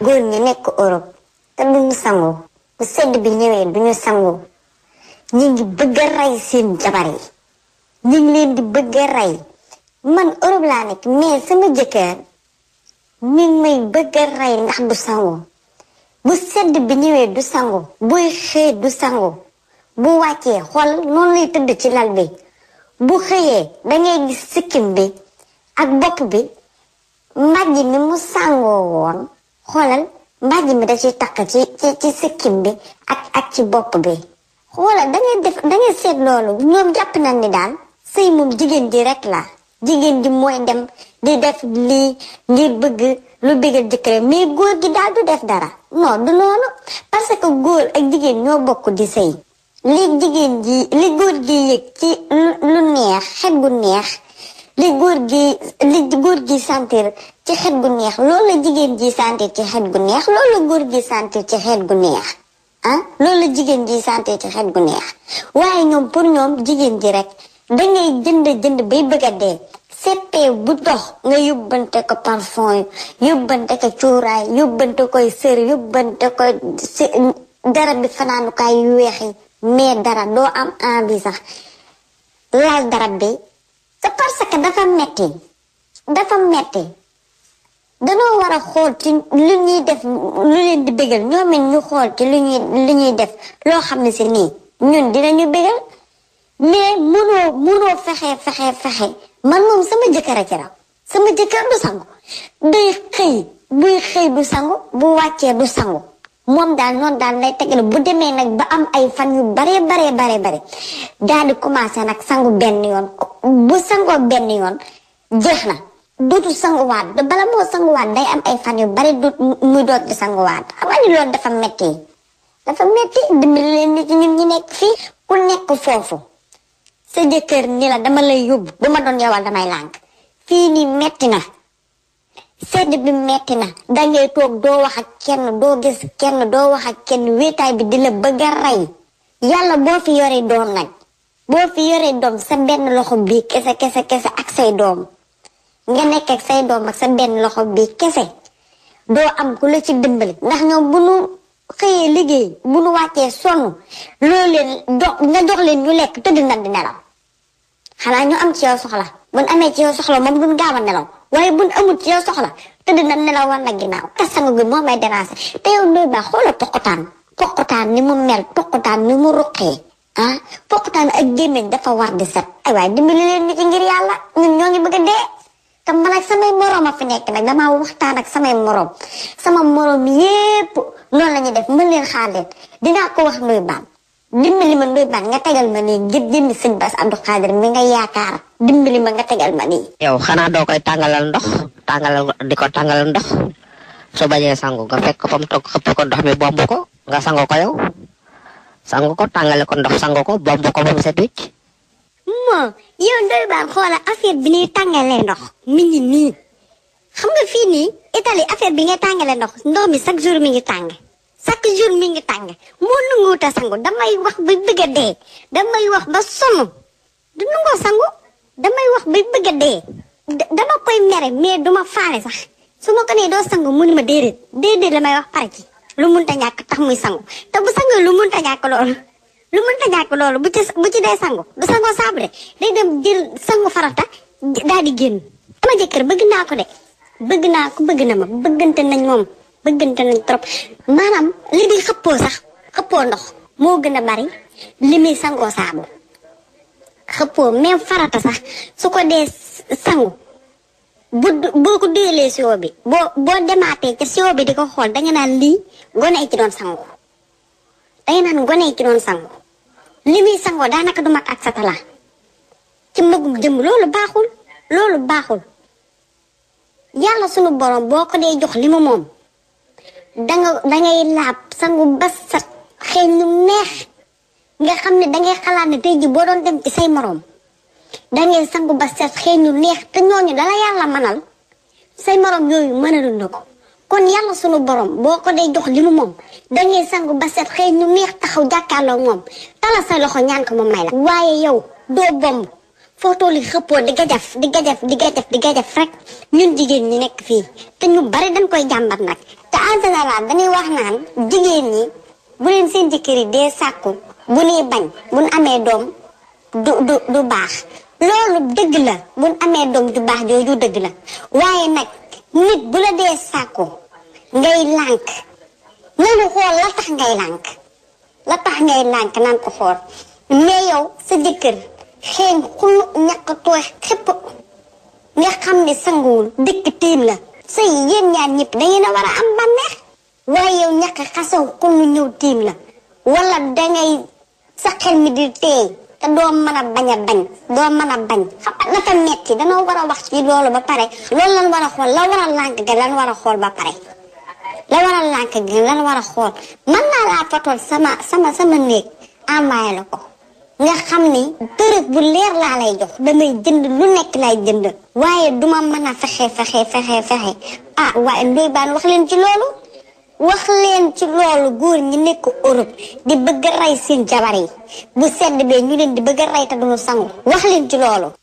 góor ñi nekk Europe te duñu sangu bu sedd bi ñëwee duñu sangu ñi ngi bëgg a rey seen jabar ñi ngi leen di bëgg a rey man Europe laa nekk mais sama jëkkër mi may bëgg a rey ndax du sangu bu sedd bi ñëwee du sangu buy wàccee xool noonu lay tëdd ci lal bi xëyee dangay gis sikkim bi ak bopp bi majj ni mu sangoo woon xoolal mbàjj mi da ciy takk ci ci ci sikkim bi ak ci bopp bi xoolal da ngay def da ngay seet loolu ñoom jàpp nañ ni daal sëy moom jigéen ji rek la jigéen ji mooy dem di def lii bëgg lu bëggal jëkkëram mais góor gi daal du def dara non du loolu parce que góor ak jigéen ñoo bokk di sëy li jigéen ji li góor gi yëg ci lu neex xet gu neex li góor gi li góor gi sentir ci xet gu neex loolu la jigéen ji sentir ci xet gu neex loolu la góor gi sentir ci xet gu ah, jigéen ji sentir ci xet gu neex waaye ñoom pour ñoom jigéen ji rek dangay jënd jënd bay bëgg a dee seppee bu dox nga yóbbante ko parfum yóbbante ko cuuraay yóbbante koy sër yóbbante koy dara bi fanaanukaay yu weex yi mais dara doo am envie sax laal dara bi c'est parce que dafa metti dafa metti danoo war a xool ci lu ñuy def lu leen di bégal ñoom ñu xool ci lu ñuy def loo xam ne si nii ñun dinañu bégal mais mënoo mënoo fexe fexe fexe man moom sama jëkkër a ci sama jëkkër du sangu day xëy buy xëy du sangu bu wàccee du sangu moom daal noonu daal lay tegal bu demee nag ba am ay fan yu baree baree baree bare daal di commencé nag sangu benn yoon bu sangoo benn yoon jeex na dootul sanguwaat bala moo sanguwaat day am ay fan yu bare du muy doot di sanguwaat xam ni loolu dafa metti dafa metti dimbali leen nit ñi nekk fii ku nekk foofu sa jëkkër ni la dama lay yóbbu bu doon yowal damay lànk fii nii metti na sedd bi metti na dangay toog doo wax ak kenn doo gis kenn doo wax a kenn wéetaay bi di la bëgg a rey yàlla boo fi yore doom nag boo fi yore doom sa benn loxo bii kese ak say doom nga nekk say doom ak sa benn loxo bii kese doo am ku la ci dimbali ndax nga bu nu xëyee liggéey bu nu wàccee sonn loo leen nga jox leen ñu lekk tëdd nag di nelaw xanaa ñu am ci yow soxla buñ amee ci yow soxla moom bun gaaw a nelaw waaye buñ amul ci yow soxla tëdd na nelaw war na ginnaaw te sang gi moo déranger te yow ndoy ni mu mel ni mu ah poqutaan ak gémmiñ dafa war di set ay waaye dimbali leen nit ngir yàlla ñun ñoo ngi bëgg a dee te man samay morom a fi nekk nag waxtaan ak samay morom sama morom yépp noonu la def mën leen xaar leen ko wax baam dimbali ma Ndoye Bane nga tegal ma nii ngir jëmmi sëñ Bass Abdou Khadir mi nga yaakaar dimbali ma nga tegal ma nii. yow xanaa doo koy tàngalal ndox tàngalal di ko tàngalal ndox su bañee sangu nga fekk ko fa mu toog xëpp ko ndox mi bomb ko nga sango ko yow sango ko tàngale ko ndox sango ko bomb ko ba mu set wicc. moo yow Ndoye Bane xoolal affaire bi ñuy tàngalee ndox mi ngi xam nga fii nii Italie affaire bi ngay tàngalee ndox ndox mi chaque jour mi ngi tàng ñetti jour mi ngi tàng moo nangoo ta sangu damay wax ba bëgg a dee damay wax ba sonn du nangoo sangu damay wax ba bëgg a dee dama koy mere mais duma faale sax su ma ko nee doo sangu mu ma déedéet déedéet la wax pare ci lu munta tax muy sangu bu lu munta lu bu ci bu ci sangu du day dem jël sangu farata daal di sama jëkkër bëgg naa ko de bëgg naa ko bëgg na ma bëggante nañ bëggante nañ trop manam li di xëppoo sax xëppoo ndox moo gën a bari li muy sangoo saabu xëppoo même farata sax su ko dee sangu bu boo ko duyalee sio bi boo boo demaatee ca sio bi di ko xool da nga naan lii gone ci doon sangu da nga naan gone ci doon sangu li muy sangoo daanaka du mag ak satala ci mbëggum jëm loolu baaxul loolu baaxul yàlla sunu borom boo ko dee jox li moom danga dangay laab sangu ba sat xeeñ lu neex nga xam ne dangay xalaat ne tey ji boo doon dem ci say moroom dangay sangu ba sat xeeñ lu neex te ñooñu dala yàlla mënal say moroom yooyu mënalul na ko kon yàlla sunu borom boo ko day jox li mu moom dangay sangu ba sat xeeñ lu neex taxaw jàkkaarloo moom tala sa loxo ñaan ko mu may la waaye yow doo bomb foo toll xëppoo di nga def di nga di nga di nga def rek ñun jigéen ñi nekk fii te ñu bari dañ koy jàmbat nag te en général dañuy wax naan jigéen ñi bu leen seen jëkkër yi dee sàkku bu ñuy bañ bu ñu amee doom du du du loolu dëgg la bu ñu amee doom du baax jooju dëgg la waaye nag nit bu la dee sàkku ngay lànk nañu xool la tax ngay lànk la tax ngay lànk nan ko xool mais yow sa jëkkër xeeñ xul ñàkk tooy xëpp nga xam ne sanguwul dëkk tiim la sëy yéen ñaar ñëpp dangeen a war a am bànneex waaye yow ñàkk xasaw xul ñëw tiim la wala dangay sa xel mi di teey te doo a bañ a bañ doo mën a bañ xam nga dafa metti danoo war a wax loolu ba pare loolu lan war a xool la war a lan war ga lan war a xool mën naa laa fotoon sama sama sama néeg envoyé la ko nga xam ni tërëf bu leer laa lay jox damay jënd lu nekk lay jënd waaye duma mën a fexe fexe fexe fexe ah waaye baan wax leen ci loolu wax leen ci loolu góor ñi nekk Europe di bëgg a rey seen yi bu sedd bee ñu leen di bëgg a rey te sangu wax leen ci loolu